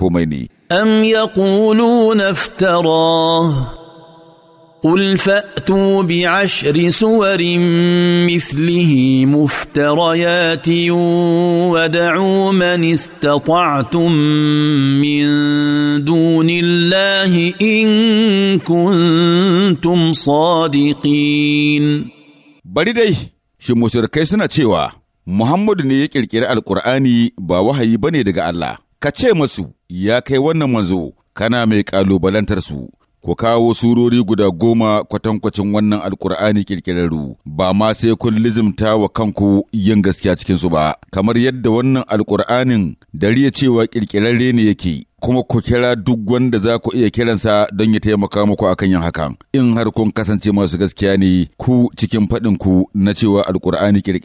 komai ne. Am ya naftara قل فاتوا بعشر سور مثله مفتريات ودعوا من استطعتم من دون الله ان كنتم صادقين bari dai shi mushrikai suna cewa muhammadu ne ya ƙirƙiri alƙur'ani ba wahayi bane daga allah ka ce masu ya kai wannan manzo kana mai ƙalubalantar ku kawo surori guda goma kwatankwacin wannan alkur'ani kirkirarru ba ma sai kun lizimta wa kanku yin gaskiya cikinsu ba kamar yadda wannan alkur'anin dariya cewa kirkirarre ne yake kuma ku kira duk wanda za ku iya kiransa don ya taimaka muku akan yin hakan in har kun kasance masu gaskiya ne ku cikin faɗin ku na cewa alkur'ani kirkirarre